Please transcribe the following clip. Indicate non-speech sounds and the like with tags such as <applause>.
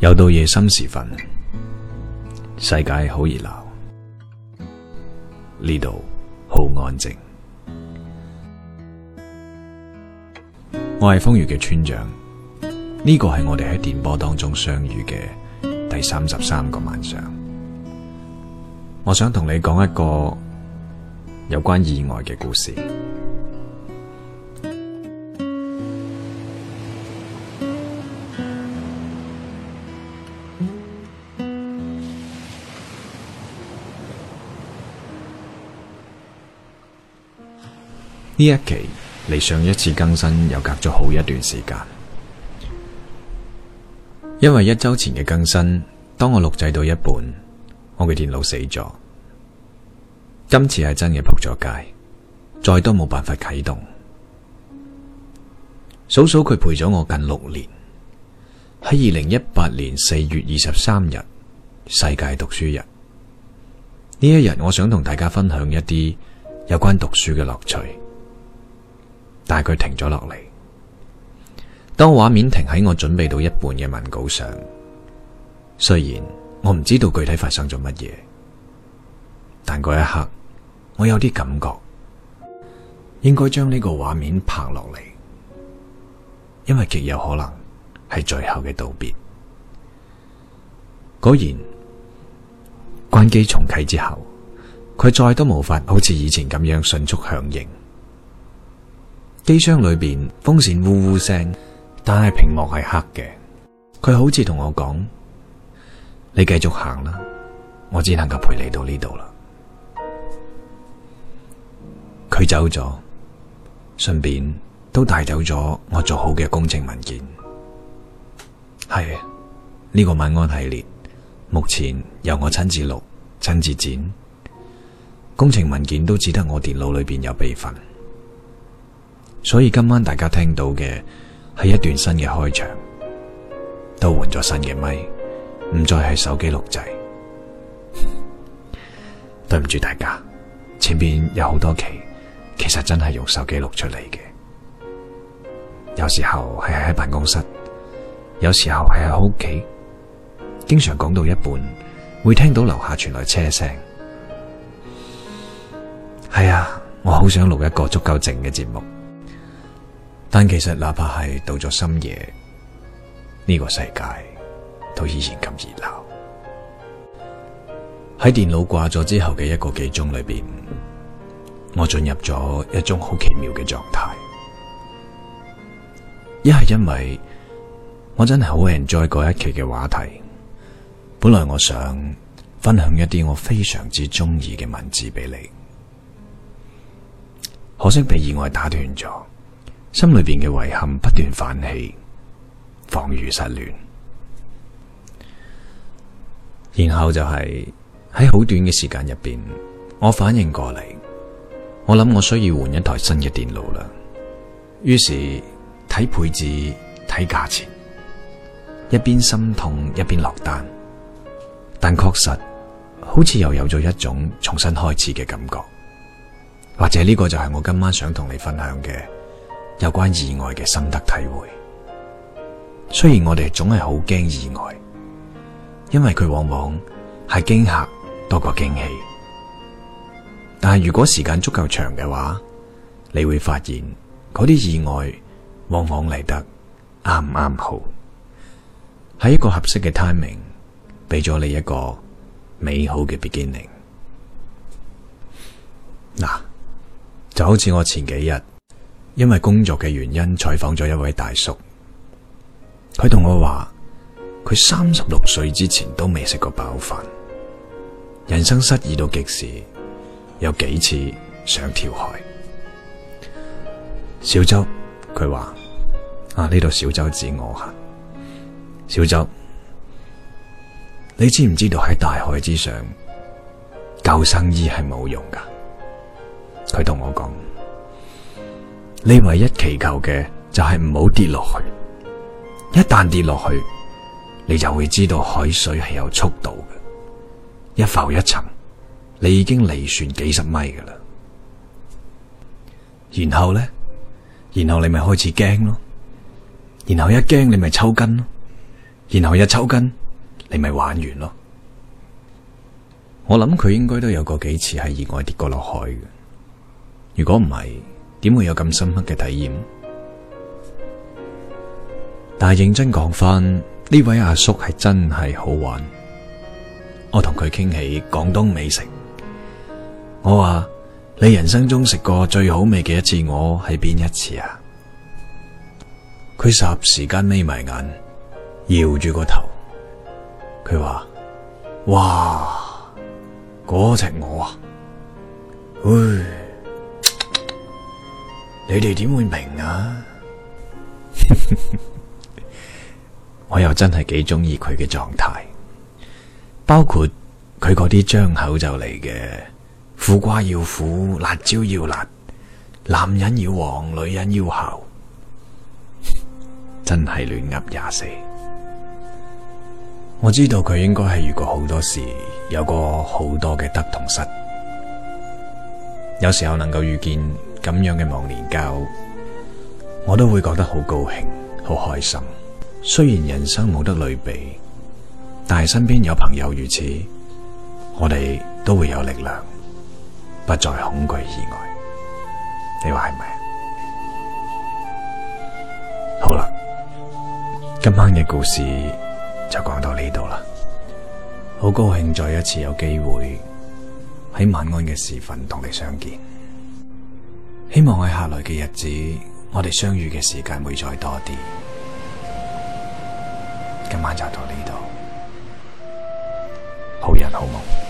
又到夜深時分，世界好熱鬧，呢度好安靜。我係瘋粵嘅村長，呢、這個係我哋喺電波當中相遇嘅第三十三個晚上。我想同你講一個有關意外嘅故事。呢一期離上一次更新又隔咗好一段時間，因為一周前嘅更新，當我錄製到一半，我嘅電腦死咗。今次係真嘅撲咗街，再都冇辦法啟動。數數佢陪咗我近六年，喺二零一八年四月二十三日世界讀書日呢一日，我想同大家分享一啲有關讀書嘅樂趣。但係佢停咗落嚟，當畫面停喺我準備到一半嘅文稿上，雖然我唔知道具體發生咗乜嘢，但嗰一刻我有啲感覺，應該將呢個畫面拍落嚟，因為極有可能係最後嘅道別。果然關機重啟之後，佢再都無法好似以前咁樣迅速響應。機箱裏邊風扇嗚嗚聲，但係屏幕係黑嘅。佢好似同我講：你繼續行啦，我只能夠陪你到呢度啦。佢走咗，順便都帶走咗我做好嘅工程文件。係啊，呢個晚安系列目前由我親自錄、親自剪，工程文件都只得我電腦裏邊有備份。所以今晚大家聽到嘅係一段新嘅開場，都換咗新嘅咪，唔再係手機錄製。對唔住大家，前面有好多期其實真係用手機錄出嚟嘅。有時候係喺辦公室，有時候係喺屋企，經常講到一半，會聽到樓下傳來車聲。係啊，我好想錄一個足夠靜嘅節目。但其實哪怕係到咗深夜，呢個世界都依然咁熱鬧。喺電腦掛咗之後嘅一個幾鐘裏邊，我進入咗一種好奇妙嘅狀態。一係因為我真係好 enjoy 嗰一期嘅話題。本來我想分享一啲我非常之中意嘅文字俾你，可惜被意外打斷咗。心裏邊嘅遺憾不斷泛起，仿如失戀。然後就係喺好短嘅時間入邊，我反應過嚟，我諗我需要換一台新嘅電腦啦。於是睇配置、睇價錢，一邊心痛一邊落單。但確實好似又有咗一種重新開始嘅感覺，或者呢個就係我今晚想同你分享嘅。有關意外嘅心得體會，雖然我哋總係好驚意外，因為佢往往係驚嚇多過驚喜。但係如果時間足夠長嘅話，你會發現嗰啲意外往往嚟得啱啱好，喺一個合適嘅 timing，俾咗你一個美好嘅 beginning。嗱，就好似我前幾日。因為工作嘅原因，採訪咗一位大叔，佢同我話：佢三十六歲之前都未食過飽飯，人生失意到極時，有幾次想跳海。小周，佢話：啊，呢度小周指我吓。小周，你知唔知道喺大海之上，救生衣係冇用噶？佢同我講。你唯一祈求嘅就係唔好跌落去，一旦跌落去，你就會知道海水係有速度嘅，一浮一沉，你已經離船幾十米噶啦。然後咧，然後你咪開始驚咯，然後一驚你咪抽筋咯，然後一抽筋你咪玩完咯。我諗佢應該都有過幾次係意外跌過落海嘅，如果唔係。點會有咁深刻嘅體驗？但係認真講翻，呢位阿叔係真係好玩。我同佢傾起廣東美食，我話你人生中食過最好味嘅一次鵝係邊一次啊？佢霎時間眯埋眼，搖住個頭，佢話：哇，嗰隻鵝啊，唉。你哋點會明啊？ <laughs> 我又真係幾中意佢嘅狀態，包括佢嗰啲張口就嚟嘅苦瓜要苦，辣椒要辣，男人要黃，女人要姣， <laughs> 真係亂噏廿四。我知道佢應該係遇過好多事，有過好多嘅得同失，有時候能夠遇見。咁樣嘅忘年交，我都會覺得好高興、好開心。雖然人生冇得類比，但係身邊有朋友如此，我哋都會有力量，不再恐懼意外。你話係咪？好啦，今晚嘅故事就講到呢度啦。好高興再一次有機會喺晚安嘅時分同你相見。希望喺下來嘅日子，我哋相遇嘅時間會再多啲。今晚就到呢度，好人好夢。